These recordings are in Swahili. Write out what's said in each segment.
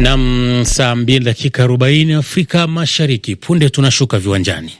Nam, saa mbili dakika arobaini Afrika Mashariki. Punde tunashuka viwanjani.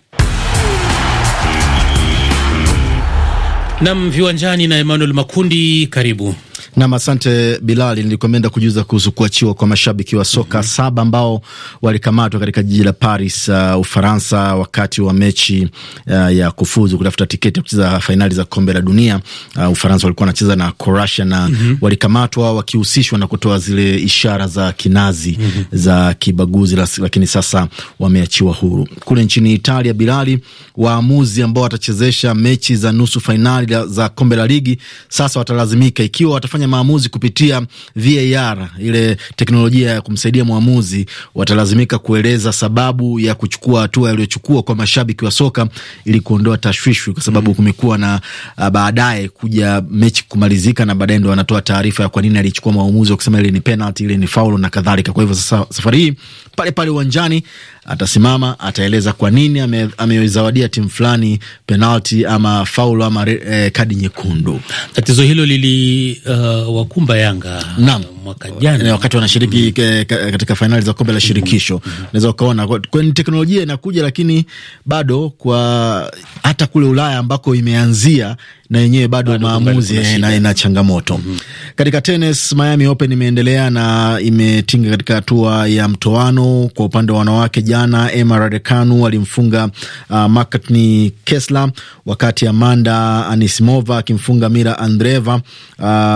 Nam, viwanjani na Emmanuel Makundi, karibu. Nam, asante Bilali. nilikomenda kujuza kuhusu kuachiwa kwa mashabiki wa soka mm -hmm. saba ambao walikamatwa katika jiji la Paris uh, Ufaransa wakati wa mechi uh, ya kufuzu kutafuta tiketi ya kucheza fainali za kombe la dunia. Uh, Ufaransa walikuwa wanacheza na Croatia na mm -hmm. walikamatwa wakihusishwa na kutoa zile ishara za kinazi mm -hmm. za kibaguzi, lakini sasa wameachiwa huru. Kule nchini Italia, Bilali, waamuzi ambao watachezesha mechi za nusu fainali za kombe la ligi sasa watalazimika ikiwa watafanya kufanya maamuzi kupitia VAR, ile teknolojia ya kumsaidia mwamuzi, watalazimika kueleza sababu ya kuchukua hatua yaliyochukua kwa mashabiki wa soka ili kuondoa tashwishwi, kwa sababu mm, kumekuwa na uh, baadaye kuja mechi kumalizika na baadaye ndo wanatoa taarifa ya kwa nini alichukua maamuzi wa kusema ile ni penalty, ile ni faulu na kadhalika. Kwa hivyo sasa safari hii pale pale uwanjani, atasimama ataeleza kwa nini amezawadia ame timu fulani penalti ama faulu ama e, kadi nyekundu. Tatizo hilo liliwakumba eh, uh, Yanga naam mwaka jana, wakati wanashiriki mm. katika fainali za kombe la shirikisho unaweza mm. unaweza ukaona kwani teknolojia inakuja, lakini bado kwa hata kule Ulaya ambako imeanzia na yenyewe bado, bado maamuzi na ina changamoto mm -hmm. Katika tenis Miami Open imeendelea na imetinga katika hatua ya mtoano kwa upande wa wanawake. Jana Emma Raducanu alimfunga uh, Margaret Kessler, wakati Amanda Anisimova akimfunga Mira Andreeva, uh,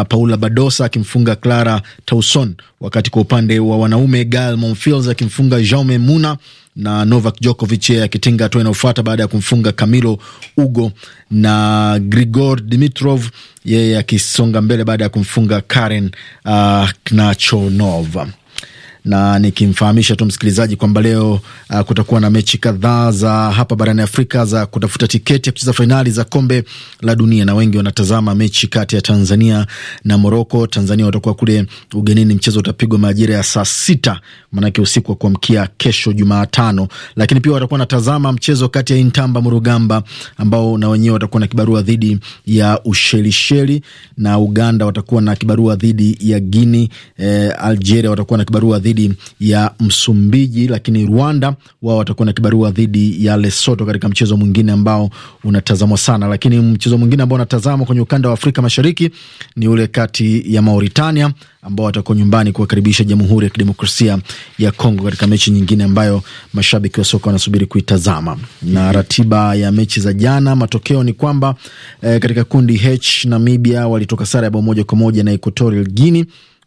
Paula Badosa akimfunga Clara Tauson, wakati kwa upande wa wanaume Gael Monfils akimfunga Jaume Muna na Novak Djokovic yeye akitinga hatua inayofuata baada ya kumfunga Camilo Ugo, na Grigor Dimitrov yeye akisonga mbele baada ya kumfunga Karen uh, Knachonova na nikimfahamisha tu msikilizaji kwamba leo uh, kutakuwa na mechi kadhaa za hapa barani Afrika za kutafuta tiketi ya kucheza fainali za kombe la dunia, na wengi wanatazama mechi kati ya Tanzania na Moroko. Tanzania watakuwa kule ugenini, mchezo utapigwa majira ya saa sita manake usiku wa kuamkia kesho Jumatano. Lakini pia watakuwa wanatazama mchezo kati ya Intamba Murugamba ambao na wenyewe watakuwa na kibarua dhidi ya Ushelisheli, na Uganda watakuwa na kibarua dhidi ya Guini. E, eh, Algeria watakuwa na kibarua dhidi ya Msumbiji, lakini Rwanda wao watakuwa na kibarua dhidi ya Lesoto katika mchezo mwingine ambao unatazamwa sana. Lakini mchezo mwingine ambao unatazamwa kwenye ukanda wa Afrika Mashariki ni ule kati ya Mauritania ambao watakuwa nyumbani kuwakaribisha Jamhuri ya Kidemokrasia ya Kongo katika mechi nyingine ambayo mashabiki wa soka wanasubiri kuitazama. Na ratiba ya mechi za jana, matokeo ni kwamba eh, katika kundi H Namibia walitoka sare ya bao moja kwa moja na Equatorial Guinea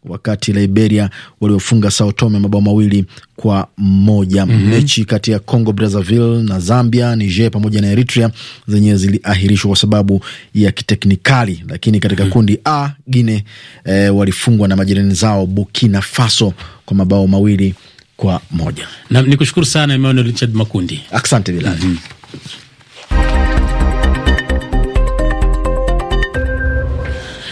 wakati Liberia waliofunga Sao Tome mabao mawili kwa moja. mm -hmm. Mechi kati ya Congo Brazzaville na Zambia, Niger pamoja na Eritrea zenyewe ziliahirishwa kwa sababu ya kiteknikali, lakini katika mm -hmm. kundi A Guine e, eh, walifungwa na majirani zao Burkina Faso kwa mabao mawili kwa moja. Na kushukuru sana Emmanuel Richard Makundi, asante mm -hmm.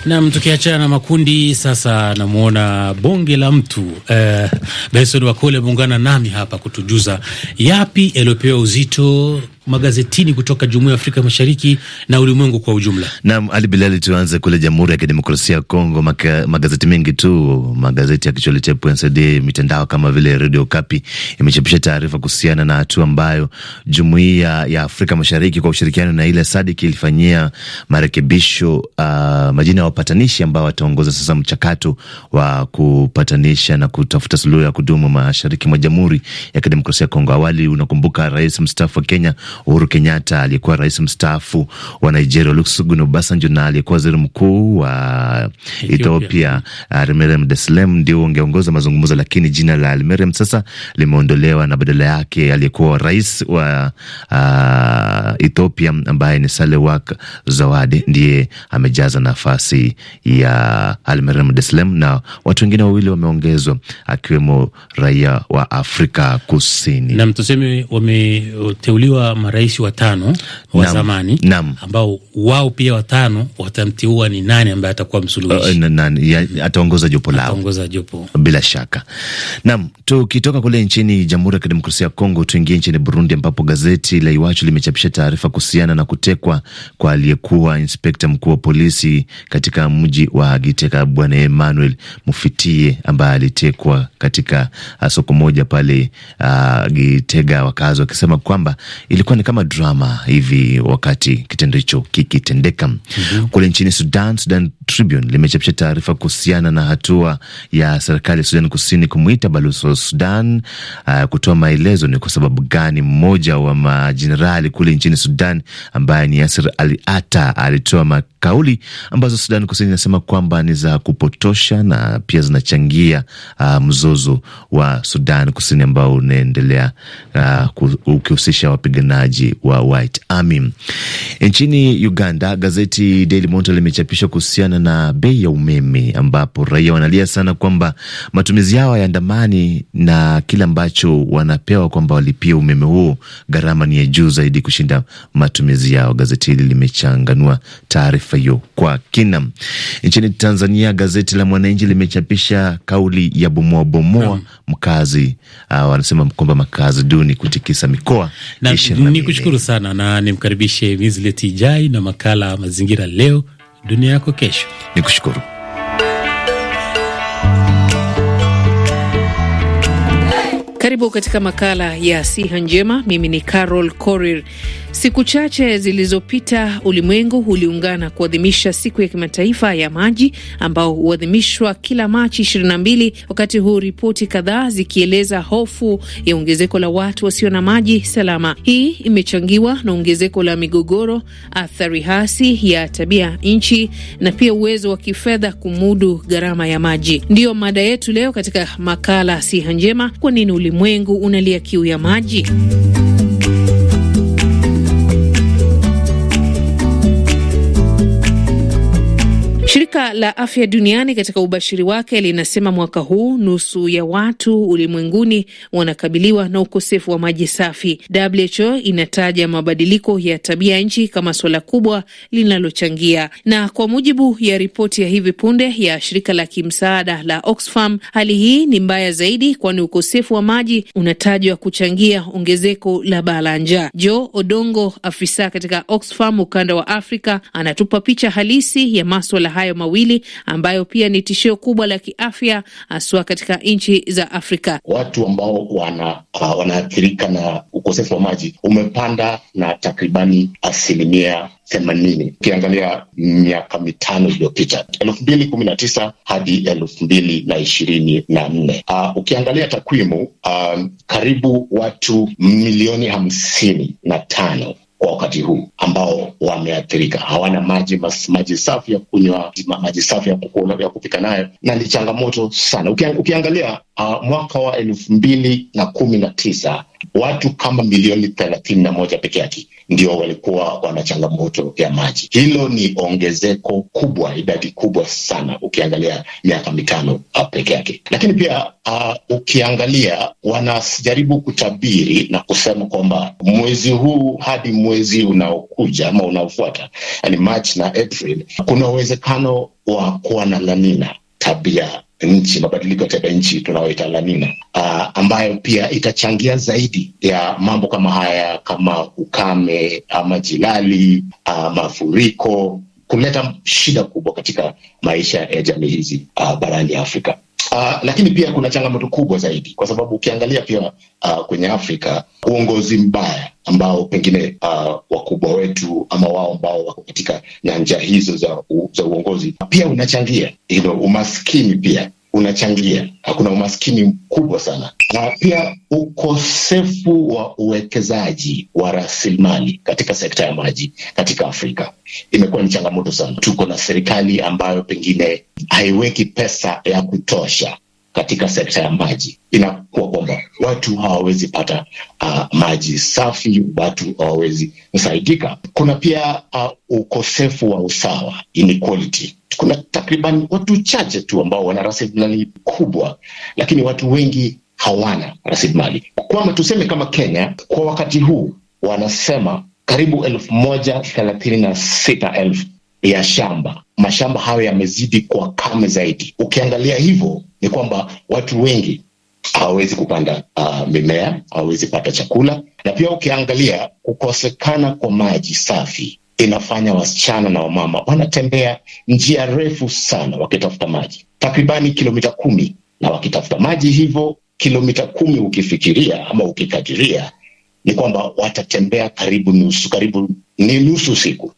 Nam, tukiachana na makundi sasa, namwona bonge la mtu eh, Benson Wakole ameungana nami hapa kutujuza yapi yaliyopewa uzito magazetini kutoka Jumuiya ya Afrika Mashariki na ulimwengu kwa ujumla. Naam, Ali Bilali, tuanze kule Jamhuri ya Kidemokrasia ya Kongo. Maka, magazeti mengi tu, magazeti ya kichwali cha PNCD, mitandao kama vile Radio Kapi imechapisha taarifa kuhusiana na hatua ambayo Jumuiya ya Afrika Mashariki kwa ushirikiano na ile SADC ilifanyia marekebisho uh, majina ya wapatanishi ambao wataongoza sasa mchakato wa kupatanisha na kutafuta suluhu ya kudumu mashariki mwa Jamhuri ya Kidemokrasia ya Kongo. Awali unakumbuka rais mstaafu wa Kenya Uhuru Kenyatta, aliyekuwa rais mstaafu wa Nigeria Olusegun Obasanjo na aliyekuwa waziri mkuu wa Ethiopia Almerem uh, Deslem ndio ungeongoza mazungumzo, lakini jina la almeriam sasa limeondolewa na badala yake aliyekuwa rais wa uh, Ethiopia ambaye ni Salewak Zawadi ndiye amejaza nafasi ya Almerem Deslem na watu wengine wawili wameongezwa akiwemo raia wa Afrika Kusini. Na mtuseme wameteuliwa uh, marais watano wa nam, zamani nam, ambao wao pia watano watamteua ni nani ambaye atakuwa msuluhishi, uh, nani ataongoza jopo lao, ataongoza jopo bila shaka. Nam, tukitoka kule nchini Jamhuri ya Kidemokrasia ya Kongo tuingie nchini Burundi ambapo gazeti la Iwachu limechapisha taarifa kuhusiana na kutekwa kwa aliyekuwa inspekta mkuu wa polisi katika mji wa Giteka, Bwana Emmanuel Mufitie ambaye alitekwa katika ah, soko moja pale uh, Gitega, wakazi wakisema kwamba ilikuwa ni kama drama hivi wakati kitendo hicho kikitendeka. mm -hmm. Kule nchini Sudan, Sudan Tribune limechapisha taarifa kuhusiana na hatua ya serikali ya Sudan Kusini kumwita balozi wa Sudan uh, kutoa maelezo ni kwa sababu gani mmoja wa majenerali kule nchini Sudan ambaye ni Yasir Ali Ata alitoa makauli ambazo Sudan Kusini inasema kwamba ni za kupotosha na pia zinachangia uh, mzozo wa Sudan Kusini ambao unaendelea uh, ukihusisha wapiganaji wapiganaji wa White Army. Nchini Uganda, gazeti Daily Monitor limechapishwa kuhusiana na bei ya umeme, ambapo raia wanalia sana kwamba matumizi yao hayaandamani na kile ambacho wanapewa, kwamba walipia umeme huo, gharama ni ya juu zaidi kushinda matumizi yao. Gazeti hili limechanganua taarifa hiyo kwa kina. Nchini Tanzania, gazeti la Mwananchi limechapisha kauli ya bomoabomoa mm. mkazi uh, wanasema kwamba makazi duni kutikisa mikoa. Ni kushukuru sana na nimkaribishe Minslet Ijai na makala Mazingira Leo Dunia Yako Kesho. Nikushukuru. Karibu katika makala ya siha njema. Mimi ni Carol Korir. Siku chache zilizopita, ulimwengu uliungana kuadhimisha siku ya kimataifa ya maji ambao huadhimishwa kila Machi 22, wakati huu ripoti kadhaa zikieleza hofu ya ongezeko la watu wasio na maji salama. Hii imechangiwa na ongezeko la migogoro, athari hasi ya tabia nchi na pia uwezo wa kifedha kumudu gharama ya maji. Ndiyo mada yetu leo katika makala siha njema, kwa nini ulimwengu unalia kiu ya maji? Shirika la Afya Duniani katika ubashiri wake linasema mwaka huu nusu ya watu ulimwenguni wanakabiliwa na ukosefu wa maji safi. WHO inataja mabadiliko ya tabia ya nchi kama suala kubwa linalochangia, na kwa mujibu ya ripoti ya hivi punde ya shirika la kimsaada la Oxfam, hali hii ni mbaya zaidi, kwani ukosefu wa maji unatajwa kuchangia ongezeko la baa la njaa. Joe Odongo, afisa katika Oxfam ukanda wa Afrika, anatupa picha halisi ya maswala hayo mawili ambayo pia ni tishio kubwa la kiafya haswa katika nchi za Afrika. Watu ambao wana uh, wanaathirika na ukosefu wa maji umepanda na takribani asilimia themanini ukiangalia miaka mitano iliyopita elfu mbili kumi na tisa hadi elfu mbili na ishirini na nne uh, ukiangalia takwimu uh, karibu watu milioni hamsini na tano kwa wakati huu ambao wameathirika, hawana maji maji safi ya kunywa, maji safi ya, ya kupika nayo, na ni changamoto sana. Ukiangalia uh, mwaka wa elfu mbili na kumi na tisa watu kama milioni thelathini na moja peke yake ndio walikuwa wana changamoto ya maji. Hilo ni ongezeko kubwa, idadi kubwa sana, ukiangalia miaka mitano peke yake. Lakini pia uh, ukiangalia wanajaribu kutabiri na kusema kwamba mwezi huu hadi mwezi unaokuja ama unaofuata, yani March na April, kuna uwezekano wa kuwa na lanina tabia nchi, mabadiliko ya tabia nchi tunaoita La Nina, uh, ah, ambayo pia itachangia zaidi ya mambo kama haya kama ukame ama jilali, uh, mafuriko kuleta shida kubwa katika maisha ya jamii hizi uh, barani Afrika. Uh, lakini pia kuna changamoto kubwa zaidi kwa sababu ukiangalia pia uh, kwenye Afrika uongozi mbaya ambao pengine uh, wakubwa wetu ama wao ambao wako katika nyanja hizo za, u, za uongozi pia unachangia hilo umaskini pia unachangia kuna umaskini mkubwa sana na pia ukosefu wa uwekezaji wa rasilimali katika sekta ya maji katika Afrika imekuwa ni changamoto sana. Tuko na serikali ambayo pengine haiweki pesa ya kutosha katika sekta ya maji inakuwa kwamba watu hawawezi pata uh, maji safi, watu hawawezi kusaidika. Kuna pia uh, ukosefu wa usawa, inequality. Kuna takriban watu chache tu ambao wana rasilimali kubwa, lakini watu wengi hawana rasilimali. Kwama tuseme kama Kenya kwa wakati huu wanasema karibu elfu moja thelathini na sita elfu ya shamba mashamba hayo yamezidi kwa kame zaidi. Ukiangalia hivyo ni kwamba watu wengi hawawezi kupanda uh, mimea, hawawezi pata chakula, na pia ukiangalia kukosekana kwa maji safi inafanya wasichana na wamama wanatembea njia refu sana wakitafuta maji, takribani kilomita kumi, na wakitafuta maji hivyo kilomita kumi, ukifikiria ama ukikadiria ni kwamba watatembea karibu nusu karibu ni nusu siku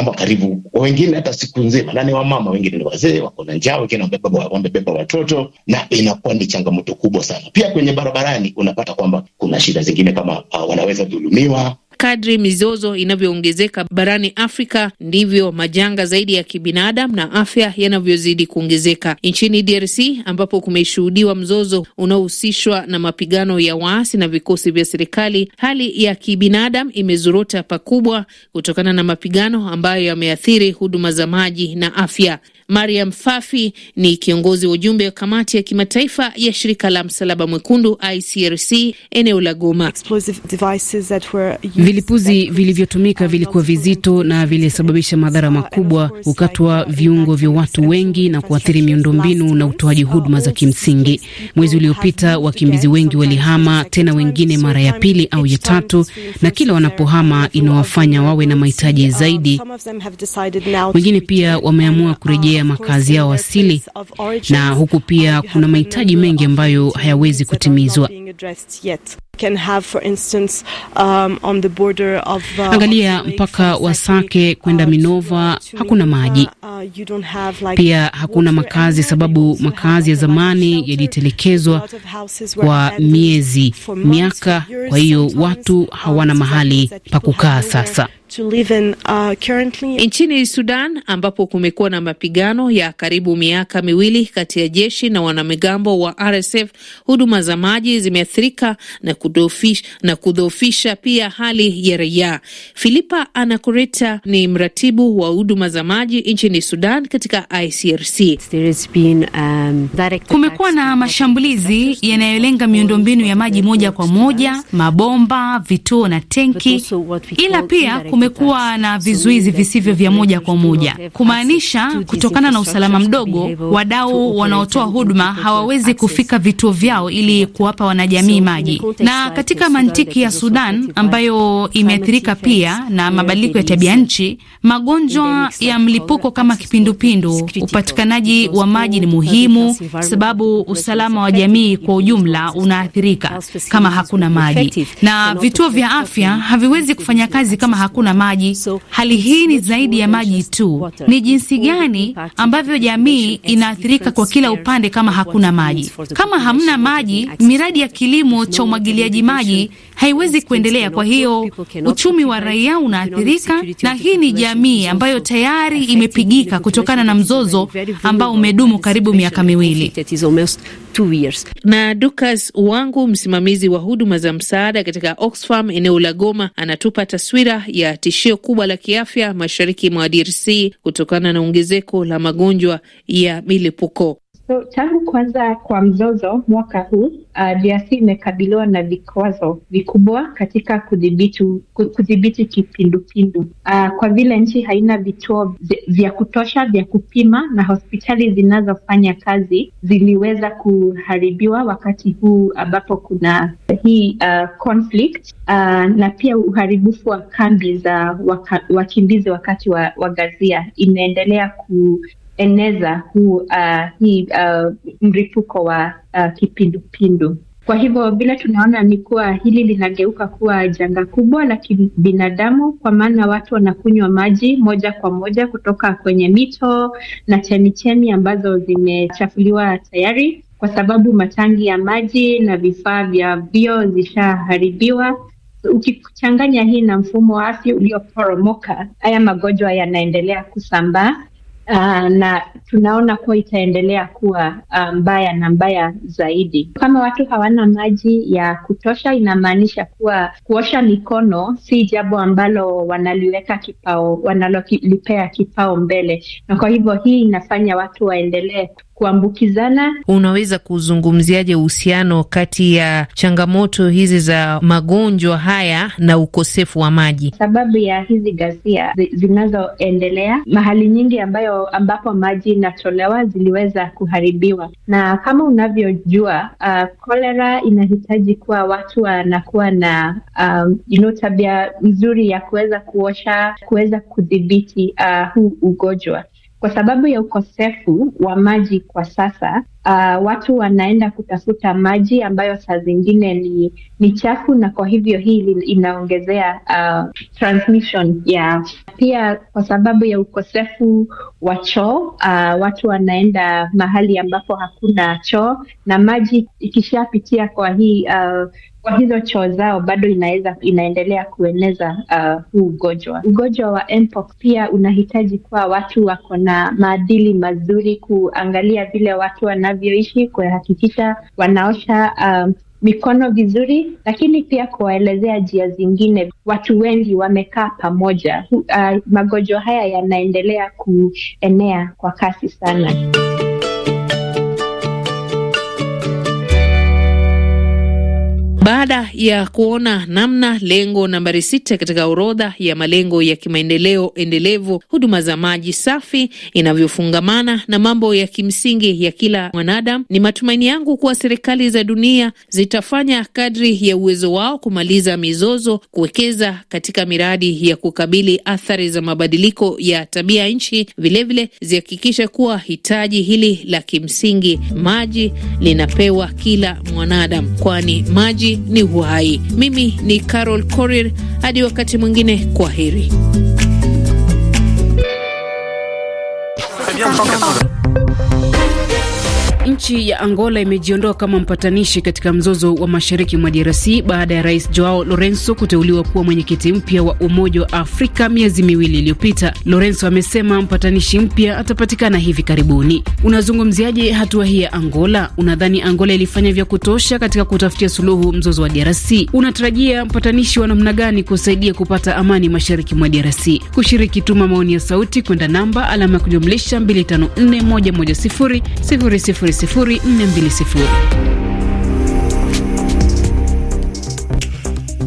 ama karibu wengine hata siku nzima, na ni wamama wengine ni wazee, wako na njaa, wengine wamebeba watoto, na inakuwa ni changamoto kubwa sana. Pia kwenye barabarani unapata kwamba kuna shida zingine kama uh, wanaweza dhulumiwa Kadri mizozo inavyoongezeka barani Afrika ndivyo majanga zaidi ya kibinadamu na afya yanavyozidi kuongezeka. Nchini DRC ambapo kumeshuhudiwa mzozo unaohusishwa na mapigano ya waasi na vikosi vya serikali, hali ya kibinadamu imezorota pakubwa kutokana na mapigano ambayo yameathiri huduma za maji na afya. Mariam Fafi ni kiongozi wa ujumbe wa kamati ya kimataifa ya shirika la msalaba mwekundu ICRC eneo la Goma. Vilipuzi vilivyotumika vilikuwa vizito na vilisababisha madhara makubwa, kukatwa viungo vya watu wengi na kuathiri miundombinu na utoaji huduma za kimsingi. Mwezi uliopita wakimbizi wengi walihama, tena wengine mara ya pili au ya tatu, na kila wanapohama inawafanya wawe na mahitaji zaidi. Wengine pia wameamua kurejea makazi yao asili, na huku pia kuna mahitaji mengi ambayo hayawezi kutimizwa can have for instance, um, on the border of, uh, angalia mpaka wa Sake kwenda uh, Minova hakuna uh, maji uh, pia hakuna makazi, sababu makazi ya zamani yalitelekezwa kwa miezi miaka, kwa hiyo watu um, hawana mahali pa kukaa sasa to live in, uh, currently. Nchini Sudan ambapo kumekuwa na mapigano ya karibu miaka miwili kati ya jeshi na wanamigambo wa RSF, huduma za maji zimeathirika na kudhoofisha na kudhoofisha pia hali ya raia. Filipa Anakureta ni mratibu wa huduma za maji nchini Sudan katika ICRC. Been, um, kumekuwa na mashambulizi yanayolenga miundombinu ya maji moja kwa moja, mabomba, vituo na tenki, ila pia kumekuwa na vizuizi visivyo vya moja kwa moja, kumaanisha kutokana na usalama mdogo, wadau wanaotoa huduma hawawezi kufika vituo vyao ili kuwapa wanajamii maji. Na katika mantiki ya Sudan ambayo imeathirika pia na mabadiliko ya tabia nchi, magonjwa ya mlipuko kama kipindupindu, upatikanaji wa maji ni muhimu, sababu usalama wa jamii kwa ujumla unaathirika kama hakuna maji, na vituo vya afya haviwezi kufanya kazi kama hakuna na maji. Hali hii ni zaidi ya maji tu, ni jinsi gani ambavyo jamii inaathirika kwa kila upande kama hakuna maji. Kama hamna maji, miradi ya kilimo cha umwagiliaji maji haiwezi kuendelea. Kwa hiyo uchumi wa raia unaathirika, na hii ni jamii ambayo tayari imepigika kutokana na mzozo ambao umedumu karibu miaka miwili. Na Dukas Wangu, msimamizi wa huduma za msaada katika Oxfam eneo la Goma, anatupa taswira ya tishio kubwa la kiafya mashariki mwa DRC kutokana na ongezeko la magonjwa ya milipuko. So tangu kwanza kwa mzozo mwaka huu uh, DRC imekabiliwa na vikwazo vikubwa katika kudhibiti kipindupindu uh, kwa vile nchi haina vituo vya kutosha vya kupima na hospitali zinazofanya kazi ziliweza kuharibiwa wakati huu ambapo kuna hii uh, conflict uh, na pia uharibifu wa kambi za waka, wakimbizi wakati wa, wa gazia imeendelea ku kueneza huu uh, hii uh, mripuko wa uh, kipindupindu. Kwa hivyo vile tunaona ni kuwa hili linageuka kuwa janga kubwa la kibinadamu, kwa maana watu wanakunywa maji moja kwa moja kutoka kwenye mito na chemichemi ambazo zimechafuliwa tayari, kwa sababu matangi ya maji na vifaa vya vio zishaharibiwa. Ukichanganya hii na mfumo wa afya ulioporomoka, haya magonjwa yanaendelea kusambaa uh, na tunaona kuwa itaendelea kuwa ah, mbaya na mbaya zaidi. Kama watu hawana maji ya kutosha, inamaanisha kuwa kuosha mikono si jambo ambalo wanaliweka kipao, wanalolipea kipao mbele, na kwa hivyo hii inafanya watu waendelee kuambukizana. Unaweza kuzungumziaje uhusiano kati ya changamoto hizi za magonjwa haya na ukosefu wa maji? Sababu ya hizi ghasia zinazoendelea mahali nyingi ambayo ambapo maji inatolewa ziliweza kuharibiwa, na kama unavyojua kolera uh, inahitaji kuwa watu wanakuwa na um, you know, tabia nzuri ya kuweza kuosha, kuweza kudhibiti uh, huu ugonjwa. Kwa sababu ya ukosefu wa maji kwa sasa, uh, watu wanaenda kutafuta maji ambayo saa zingine ni, ni chafu na kwa hivyo hii inaongezea uh, transmission ya pia. Kwa sababu ya ukosefu wa choo uh, watu wanaenda mahali ambapo hakuna choo na maji ikishapitia kwa hii uh, kwa hizo choo zao bado inaweza inaendelea kueneza uh, huu ugonjwa. Ugonjwa wa mpox pia unahitaji kuwa watu wako na maadili mazuri, kuangalia vile watu wanavyoishi, kuhakikisha wanaosha um, mikono vizuri, lakini pia kuwaelezea njia zingine. Watu wengi wamekaa pamoja, uh, magonjwa haya yanaendelea kuenea kwa kasi sana. Baada ya kuona namna lengo nambari sita katika orodha ya malengo ya kimaendeleo endelevu, huduma za maji safi inavyofungamana na mambo ya kimsingi ya kila mwanadamu, ni matumaini yangu kuwa serikali za dunia zitafanya kadri ya uwezo wao kumaliza mizozo, kuwekeza katika miradi ya kukabili athari za mabadiliko ya tabia nchi, vilevile zihakikishe kuwa hitaji hili la kimsingi maji linapewa kila mwanadamu, kwani maji ni uhai. Mimi ni Carol Korir, hadi wakati mwingine, kwa heri. Nchi ya Angola imejiondoa kama mpatanishi katika mzozo wa mashariki mwa DRC baada ya rais Joao Lorenzo kuteuliwa kuwa mwenyekiti mpya wa Umoja wa Afrika miezi miwili iliyopita. Lorenzo amesema mpatanishi mpya atapatikana hivi karibuni. Unazungumziaje hatua hii ya Angola? Unadhani Angola ilifanya vya kutosha katika kutafutia suluhu mzozo wa DRC? Unatarajia mpatanishi wa namna gani kusaidia kupata amani mashariki mwa DRC? Kushiriki, tuma maoni ya sauti kwenda namba alama ya kujumlisha 25411000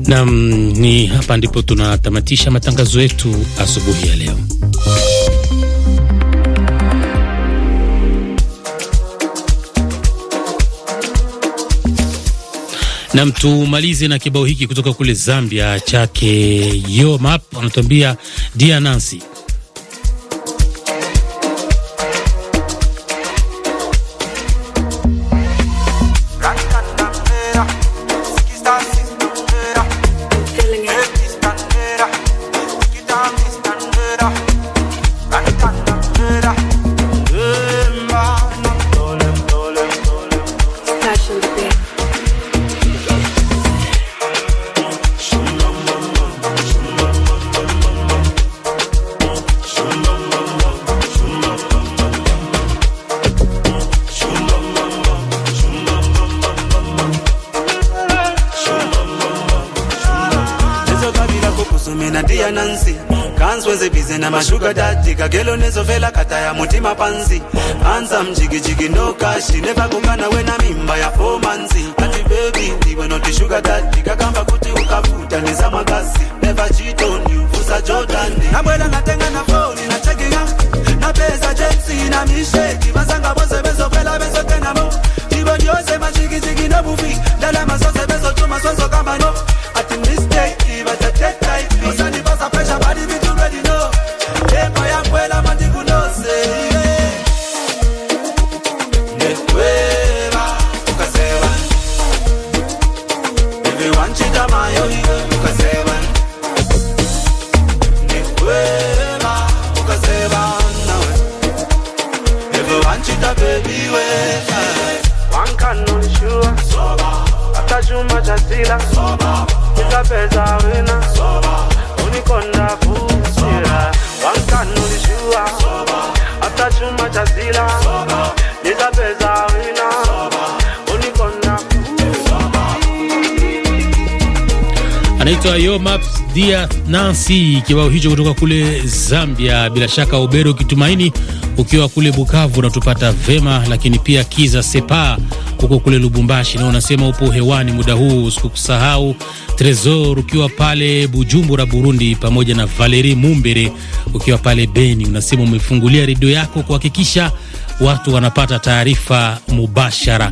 Nam, ni hapa ndipo tunatamatisha matangazo yetu asubuhi ya leo. Nam, tumalize na kibao hiki kutoka kule Zambia chake Yo Map, anatuambia Dia Nancy. Dance when ze na mashuga daddy Kagelo nezo vela kata ya mutima panzi Anza mjigi jigi no cash Never kukana we na mimba ya four manzi Ati baby ndiwe noti sugar daddy Kakamba kuti ukafuta neza magasi Never cheat on you fusa Jordan Nabwela natenga na phone na checking Na pesa jetsi na mishake Bazanga bose bezo vela bezo kenamo Jibo diose majigi jigi no bufi Dala masoze bezo chuma sozo kamba anaitwa Maps Dia Nancy, kibao hicho kutoka kule Zambia. Bila shaka Ubero ukitumaini ukiwa kule Bukavu unatupata vema, lakini pia Kiza Sepa huko kule Lubumbashi na unasema upo hewani muda huu, usikukusahau Tresor ukiwa pale Bujumbura Burundi, pamoja na Valeri Mumbere ukiwa pale Beni, unasema umefungulia redio yako kuhakikisha watu wanapata taarifa mubashara.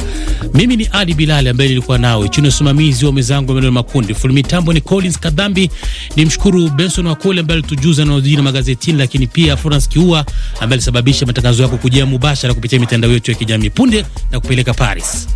Mimi ni Ali Bilali ambaye nilikuwa nawe chini ya usimamizi wa mwenzangu Emanuel Makundi. Full mitambo ni Collins Kadhambi. Ni mshukuru Benson Wakoli ambaye alitujuza na ujina magazetini, lakini pia Florence Kiua ambaye alisababisha matangazo yako kujia mubashara kupitia mitandao yetu ya kijamii punde na kupeleka Paris.